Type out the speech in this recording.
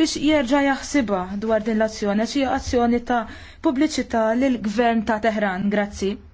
biex jerġa' jaħsibha dwar din l-azzjoni għax hija azzjoni ta' pubbliċità lill gvern ta' Teheran. Grazzi.